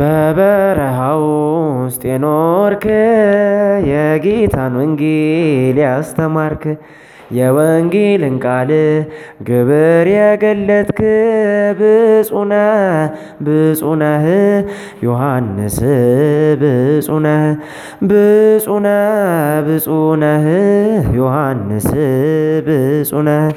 በበረሃ ውስጥ የኖርክ የጌታን ወንጌል ያስተማርክ የወንጌልን ቃል ግብር የገለጥክ ብፁነ ብፁነህ ዮሐንስ ብፁነህ ብፁነ ብፁነህ ዮሐንስ ብፁነህ